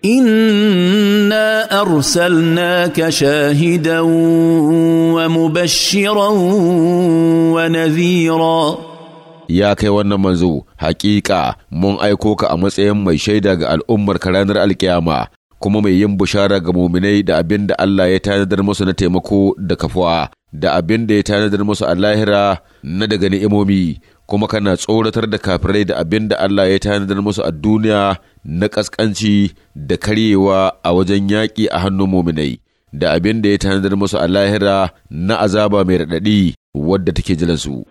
Inna انا ارسلناك شاهدا ومبشرا ونذيرا ya kai wannan manzo haƙiƙa mun aiko ka a matsayin mai shaida ga al'ummar ka ranar alkiyama kuma mai yin bushara ga muminai da abin da Allah ya tanadar musu na taimako da kafuwa da abin da ya tanadar musu a lahira na daga ni'imomi kuma kana tsoratar da kafirai da abin da Allah ya tanadar masu a duniya na ƙasƙanci da karyewa a wajen yaƙi a hannun muminai da abin da ya tanadar masu a lahira na azaba mai raɗaɗi wadda take jilansu.